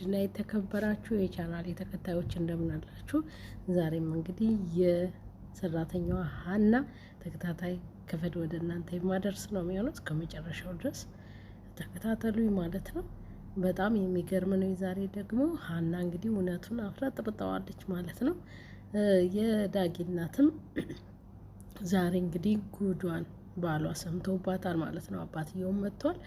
ውድና የተከበራችሁ የቻናል የተከታዮች እንደምን አላችሁ? ዛሬም እንግዲህ የሰራተኛዋ ሀና ተከታታይ ክፍል ወደ እናንተ የማደርስ ነው የሚሆነው። እስከ መጨረሻው ድረስ ተከታተሉኝ ማለት ነው። በጣም የሚገርም ነው። የዛሬ ደግሞ ሀና እንግዲህ እውነቱን አፍራ ጥርጠዋለች ማለት ነው። የዳጊ እናትም ዛሬ እንግዲህ ጉዷን ባሏ ሰምቶባታል ማለት ነው። አባትየውም መጥቷል።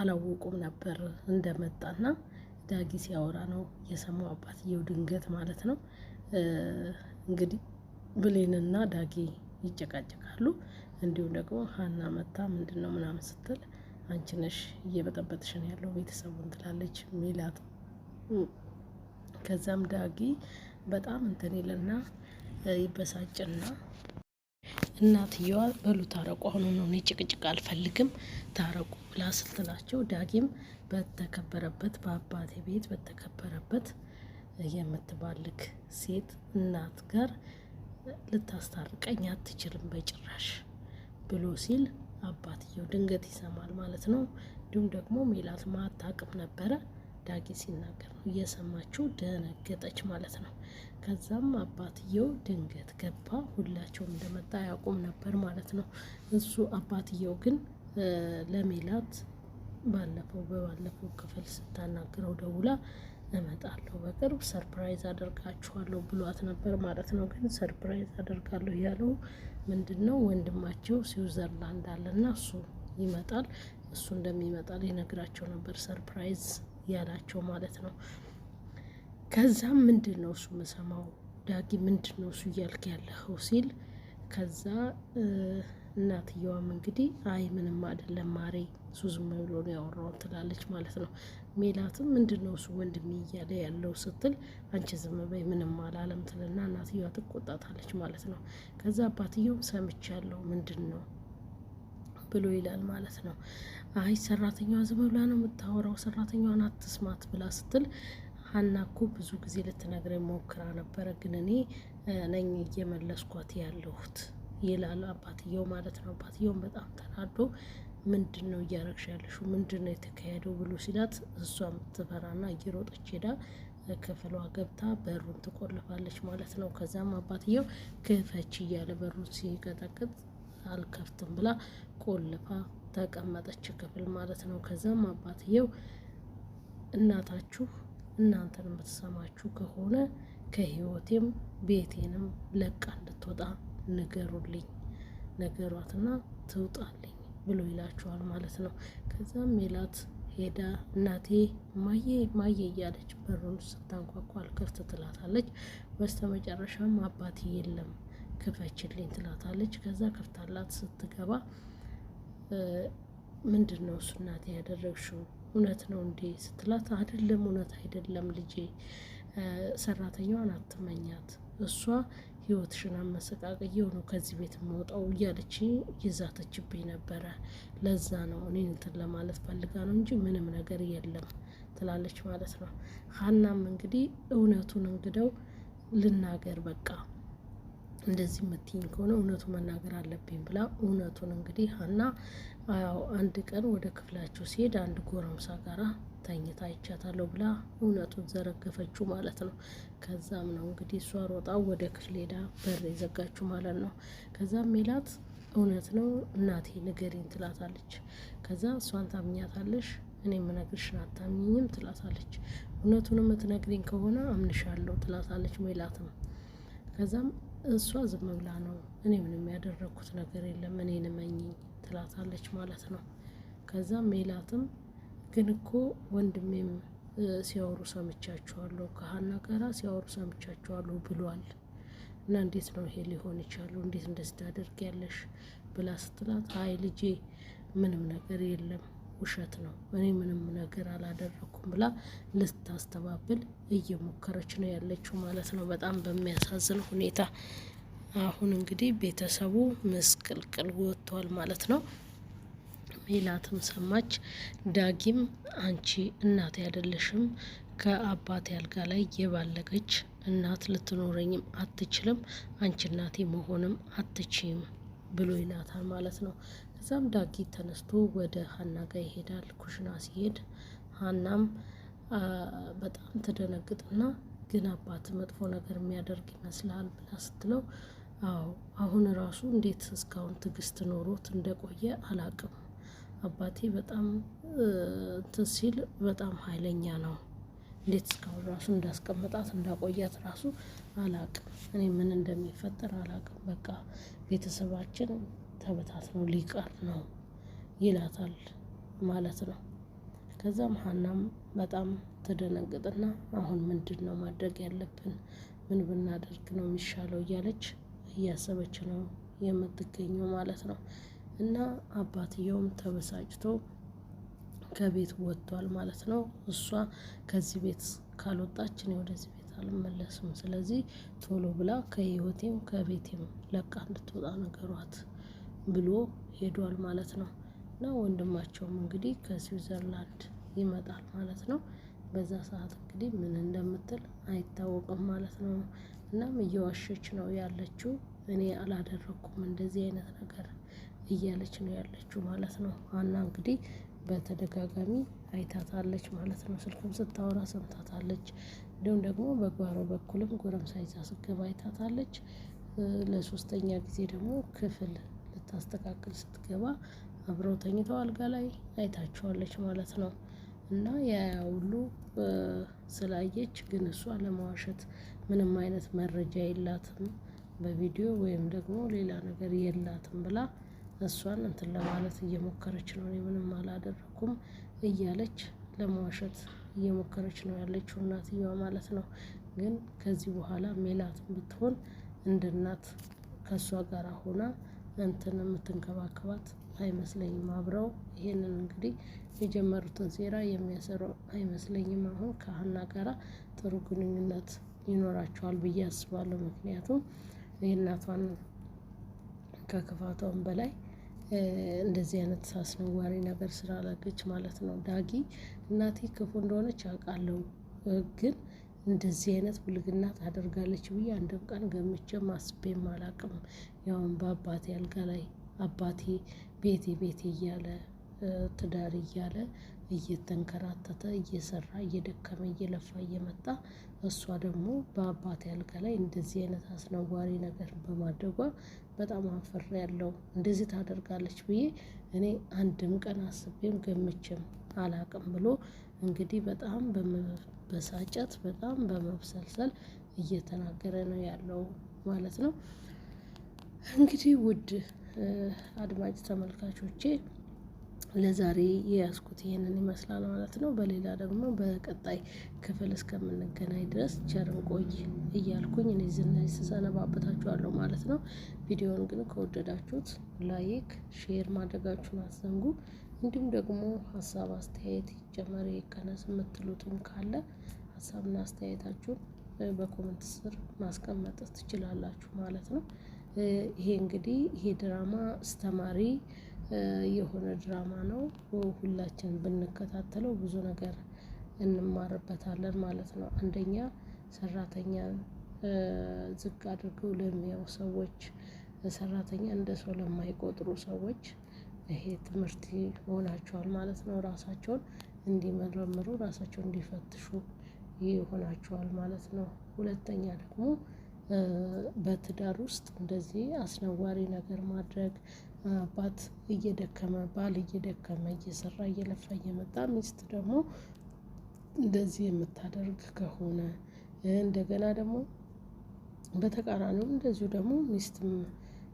አላወቁም ነበር እንደመጣና ዳጊ ሲያወራ ነው የሰማው አባትየው ድንገት ማለት ነው። እንግዲህ ብሌንና ዳጊ ይጨቃጨቃሉ። እንዲሁም ደግሞ ሀና መታ ምንድን ነው ምናምን ስትል አንቺ ነሽ እየበጠበጥሽ ያለው ቤተሰቡን ትላለች ሚላት። ከዛም ዳጊ በጣም እንትን ይልና ይበሳጭና እናትየዋ በሉ ታረቁ፣ አሁኑ ነው እኔ ጭቅጭቅ አልፈልግም ታረቁ ብላ ስትላቸው ዳጊም በተከበረበት በአባቴ ቤት በተከበረበት የምትባልክ ሴት እናት ጋር ልታስታርቀኝ አትችልም በጭራሽ ብሎ ሲል አባትየው ድንገት ይሰማል ማለት ነው። እንዲሁም ደግሞ ሜላት ማታቅም ነበረ ዳጊ ሲናገር ነው እየሰማችው ደነገጠች ማለት ነው። ከዛም አባትየው ድንገት ገባ። ሁላቸውም እንደመጣ ያቁም ነበር ማለት ነው። እሱ አባትየው ግን ለሜላት ባለፈው በባለፈው ክፍል ስታናግረው ደውላ እመጣለሁ በቅርብ ሰርፕራይዝ አደርጋችኋለሁ ብሏት ነበር ማለት ነው። ግን ሰርፕራይዝ አደርጋለሁ ያለው ምንድን ነው? ወንድማቸው ስዊዘርላንድ አለና እሱ ይመጣል። እሱ እንደሚመጣ ሊነግራቸው ነበር ሰርፕራይዝ ያላቸው ማለት ነው። ከዛም ምንድን ነው እሱ የምሰማው ዳጊ፣ ምንድን ነው እሱ እያልክ ያለኸው ሲል ከዛ እናትየዋም እንግዲህ አይ ምንም አይደለም ማሬ እሱ ዝም ብሎ ነው ያወራው ትላለች ማለት ነው። ሜላትም ምንድን ነው እሱ ወንድሜ እያለ ያለው ስትል አንቺ ዝም በይ ምንም አላለም ትልና እናትየዋ ትቆጣታለች ማለት ነው። ከዛ አባትየውም ሰምቻለሁ ምንድን ነው ብሎ ይላል ማለት ነው። አይ ሰራተኛዋ ዝም ብላ ነው የምታወራው፣ ሰራተኛዋን አትስማት ብላ ስትል ሀና እኮ ብዙ ጊዜ ልትነግረኝ ሞክራ ነበረ፣ ግን እኔ ነኝ እየመለስኳት ያለሁት ይላል አባትየው ማለት ነው። አባትየውን በጣም ተናዶ ምንድን ነው እያረግሽ ያለሽው? ምንድን ነው የተካሄደው ብሎ ሲላት እሷም ትፈራና እየሮጠች ሄዳ ክፍሏ ገብታ በሩን ትቆልፋለች ማለት ነው። ከዛም አባትየው ክፈች እያለ በሩን ሲቀጠቅጥ አልከፍትም ብላ ቆልፋ ተቀመጠች ክፍል ማለት ነው። ከዛም አባትየው እናታችሁ እናንተን የምትሰማችሁ ከሆነ ከህይወቴም ቤቴንም ለቃ እንድትወጣ ንገሩልኝ ነገሯትና ትውጣልኝ ብሎ ይላችኋል ማለት ነው። ከዛም ሜላት ሄዳ እናቴ ማዬ ማዬ እያለች በሩን ስታንኳኳ አልከፍት ትላታለች። በስተ መጨረሻም አባቴ የለም ክፈችልኝ ትላታለች። ከዛ ከፍታላት ስትገባ ምንድን ነው እሱ እናቴ ያደረግሽው እውነት ነው እንዴ ስትላት፣ አይደለም እውነት አይደለም ልጄ ሰራተኛዋን አትመኛት እሷ ህይወትሽን አመሰቃቅየው ነው ከዚህ ቤት መውጣው እያለች ይዛተችብኝ ነበረ። ለዛ ነው እኔ እንትን ለማለት ፈልጋ ነው እንጂ ምንም ነገር የለም ትላለች ማለት ነው። ሀናም እንግዲህ እውነቱን እንግደው ልናገር በቃ እንደዚህ የምትይኝ ከሆነ እውነቱ መናገር አለብኝ ብላ እውነቱን እንግዲህ ሀና አንድ ቀን ወደ ክፍላቸው ሲሄድ አንድ ጎረምሳ ጋራ ተኝታ ይቻታለሁ ብላ እውነቱን ዘረገፈችው ማለት ነው። ከዛም ነው እንግዲህ እሷ ሮጣ ወደ ክፍል ሄዳ በር የዘጋችው ማለት ነው። ከዛም ሜላት እውነት ነው እናቴ ንገሪን ትላታለች። ከዛ እሷን ታምኛታለሽ እኔ የምነግርሽን አታምኝም ትላታለች። እውነቱን የምትነግሪኝ ከሆነ አምንሻለሁ ትላታለች ሜላት ነው ከዛም እሷ ዝም ብላ ነው እኔ ምንም ያደረግኩት ነገር የለም እኔን እመኚኝ ትላታለች ማለት ነው። ከዛ ሜላትም ግን እኮ ወንድሜም ሲያወሩ ሰምቻችኋለሁ፣ ከሀና ጋራ ሲያወሩ ሰምቻችኋለሁ ብሏል እና እንዴት ነው ይሄ ሊሆን ይቻሉ? እንዴት እንደዚህ ታደርጊያለሽ? ብላ ስትላት አይ ልጄ ምንም ነገር የለም ውሸት ነው እኔ ምንም ነገር አላደረኩም ብላ ልታስተባብል እየሞከረች ነው ያለችው ማለት ነው። በጣም በሚያሳዝን ሁኔታ አሁን እንግዲህ ቤተሰቡ ምስቅልቅል ወጥቷል ማለት ነው። ሜላትም ሰማች። ዳጊም አንቺ እናቴ አይደለሽም ከአባቴ አልጋ ላይ የባለገች እናት ልትኖረኝም አትችልም፣ አንቺ እናቴ መሆንም አትችም ብሎ ይላታል ማለት ነው። ከዛም ዳጊ ተነስቶ ወደ ሀና ጋር ይሄዳል። ኩሽና ሲሄድ ሀናም በጣም ትደነግጥና ግን አባት መጥፎ ነገር የሚያደርግ ይመስላል ብላ ስትለው አዎ አሁን ራሱ እንዴት እስካሁን ትዕግስት ኖሮት እንደቆየ አላቅም። አባቴ በጣም እንትን ሲል በጣም ኃይለኛ ነው። እንዴት እስካሁን ራሱ እንዳስቀመጣት እንዳቆያት ራሱ አላቅም። እኔ ምን እንደሚፈጠር አላቅም። በቃ ቤተሰባችን ተበታትኖ ሊቀር ነው ይላታል ማለት ነው። ከዛም ሀናም በጣም ትደነግጥና አሁን ምንድን ነው ማድረግ ያለብን? ምን ብናደርግ ነው የሚሻለው? እያለች እያሰበች ነው የምትገኘው ማለት ነው። እና አባትየውም ተበሳጭቶ ከቤት ወጥቷል ማለት ነው። እሷ ከዚህ ቤት ካልወጣች እኔ ወደዚህ ቤት አልመለስም፣ ስለዚህ ቶሎ ብላ ከህይወቴም ከቤቴም ለቃ እንድትወጣ ነገሯት። ብሎ ሄዷል ማለት ነው። እና ወንድማቸውም እንግዲህ ከስዊዘርላንድ ይመጣል ማለት ነው። በዛ ሰዓት እንግዲህ ምን እንደምትል አይታወቅም ማለት ነው። እናም እየዋሸች ነው ያለችው። እኔ አላደረኩም እንደዚህ አይነት ነገር እያለች ነው ያለችው ማለት ነው። አና እንግዲህ በተደጋጋሚ አይታታለች ማለት ነው። ስልኩም ስታወራ ሰምታታለች። እንዲሁም ደግሞ በጓሮ በኩልም ጎረምሳ ይዛ ስገባ አይታታለች። ለሶስተኛ ጊዜ ደግሞ ክፍል ልታስተካክል ስትገባ አብረው ተኝተው አልጋ ላይ አይታቸዋለች ማለት ነው። እና ያ ሁሉ ስላየች፣ ግን እሷ ለመዋሸት ምንም አይነት መረጃ የላትም በቪዲዮ ወይም ደግሞ ሌላ ነገር የላትም ብላ እሷን እንትን ለማለት እየሞከረች ነው። እኔ ምንም አላደረኩም እያለች ለመዋሸት እየሞከረች ነው ያለችው እናትየዋ ማለት ነው። ግን ከዚህ በኋላ ሜላት ብትሆን እንደ እናት ከእሷ ጋር ሆና እንትን የምትንከባከባት አይመስለኝም። አብረው ይሄንን እንግዲህ የጀመሩትን ሴራ የሚያሰሩ አይመስለኝም። አሁን ከሀና ጋራ ጥሩ ግንኙነት ይኖራቸዋል ብዬ አስባለሁ። ምክንያቱም የእናቷን ከክፋቷም በላይ እንደዚህ አይነት አስነዋሪ ነገር ስላላገች ማለት ነው። ዳጊ እናቴ ክፉ እንደሆነች አውቃለሁ ግን እንደዚህ አይነት ብልግና ታደርጋለች ብዬ አንድም ቀን ገምቼ አስቤም አላቅም። ያውን በአባቴ አልጋ ላይ አባቴ ቤቴ ቤቴ እያለ ትዳር እያለ እየተንከራተተ እየሰራ እየደከመ እየለፋ እየመጣ እሷ ደግሞ በአባቴ አልጋ ላይ እንደዚህ አይነት አስነዋሪ ነገር በማድረጓ በጣም ያለው እንደዚህ ታደርጋለች ብዬ እኔ አንድም ቀን አስቤም ገምቼም አላቅም ብሎ እንግዲህ በጣም በመበሳጨት በጣም በመብሰልሰል እየተናገረ ነው ያለው ማለት ነው። እንግዲህ ውድ አድማጭ ተመልካቾቼ ለዛሬ የያዝኩት ይህንን ይመስላል ማለት ነው። በሌላ ደግሞ በቀጣይ ክፍል እስከምንገናኝ ድረስ ቸርን ቆይ እያልኩኝ እኔ ዝናይ ስሰነባበታችኋለሁ ማለት ነው። ቪዲዮውን ግን ከወደዳችሁት ላይክ፣ ሼር ማድረጋችሁን አትዘንጉ። እንዲሁም ደግሞ ሀሳብ አስተያየት ይጨመር ይቀነስ የምትሉትም ካለ ሀሳብና አስተያየታችሁን በኮመንት ስር ማስቀመጥ ትችላላችሁ ማለት ነው። ይሄ እንግዲህ ይሄ ድራማ አስተማሪ የሆነ ድራማ ነው። ሁላችን ብንከታተለው ብዙ ነገር እንማርበታለን ማለት ነው። አንደኛ ሰራተኛን ዝቅ አድርገው ለሚያው ሰዎች፣ ሰራተኛ እንደ ሰው ለማይቆጥሩ ሰዎች ይሄ ትምህርት ይሆናቸዋል ማለት ነው። ራሳቸውን እንዲመረምሩ ራሳቸውን እንዲፈትሹ ይሆናቸዋል ማለት ነው። ሁለተኛ ደግሞ በትዳር ውስጥ እንደዚህ አስነዋሪ ነገር ማድረግ አባት እየደከመ ባል እየደከመ እየሰራ እየለፋ እየመጣ ሚስት ደግሞ እንደዚህ የምታደርግ ከሆነ እንደገና ደግሞ በተቃራኒውም እንደዚሁ ደግሞ ሚስትም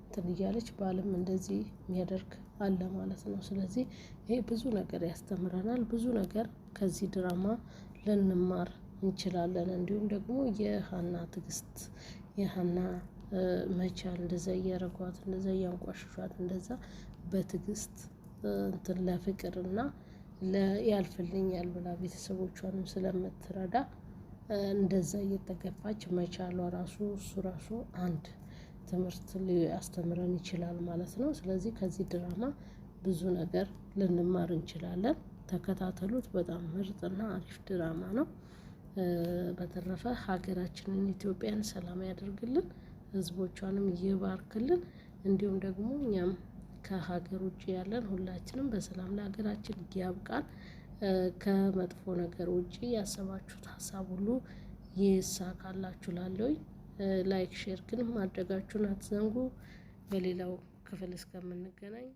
እንትን እያለች ባልም እንደዚህ የሚያደርግ አለ ማለት ነው። ስለዚህ ይሄ ብዙ ነገር ያስተምረናል። ብዙ ነገር ከዚህ ድራማ ልንማር እንችላለን። እንዲሁም ደግሞ የሀና ትዕግስት የሀና መቻል እንደዛ እያረጓት እንደዛ እያንቋሽሿት እንደዛ በትዕግስት እንትን ለፍቅርና ያልፍልኛል ብላ ቤተሰቦቿንም ስለምትረዳ እንደዛ እየተገፋች መቻሏ ራሱ እሱ ራሱ አንድ ትምህርት ሊያስተምረን ይችላል ማለት ነው። ስለዚህ ከዚህ ድራማ ብዙ ነገር ልንማር እንችላለን። ተከታተሉት። በጣም ምርጥና አሪፍ ድራማ ነው። በተረፈ ሀገራችንን ኢትዮጵያን ሰላም ያደርግልን፣ ህዝቦቿንም ይባርክልን። እንዲሁም ደግሞ እኛም ከሀገር ውጭ ያለን ሁላችንም በሰላም ለሀገራችን ያብቃን። ከመጥፎ ነገር ውጭ ያሰባችሁት ሀሳብ ሁሉ ይሳካላችሁ ላለሁኝ ላይክ፣ ሼር ግን ማድረጋችሁን አትዘንጉ። በሌላው ክፍል እስከምንገናኝ